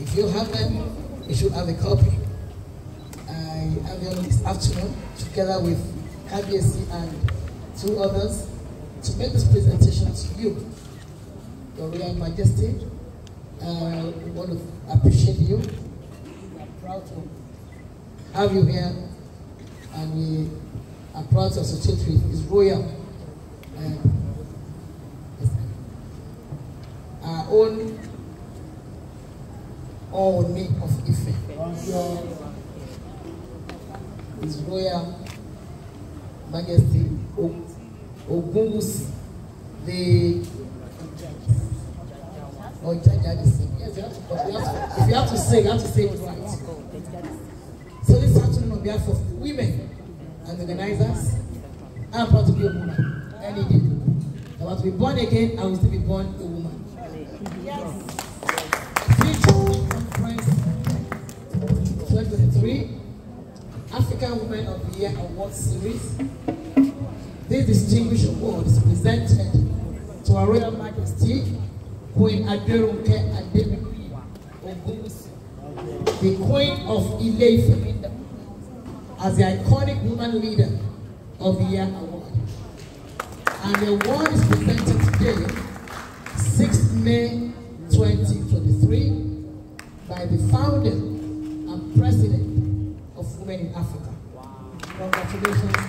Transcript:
If you have them, you should have a copy. I have them this afternoon together with KBSC and two others to make this presentation to you. Your Royal Majesty, uh, we want to appreciate you. We are proud to have you here and we are proud to associate with His Royal. Uh, our own All Ooni of Ife. His Royal Majesty Ogunwusi, the Ojaja sing. if you have to sing, you have to sing it right. So this afternoon, on behalf of women and organizers, I'm proud to be a woman. Any day. I want to be born again, I will still be born a woman. Yes. Media Award Series. This distinguished award is presented to Her Royal Majesty Queen Aderunke Adebiyi Ogunwusi, the Queen of Ile-Ife as the iconic woman leader of the year award. And the award is presented today, 6th May 2023, by the founder gracias.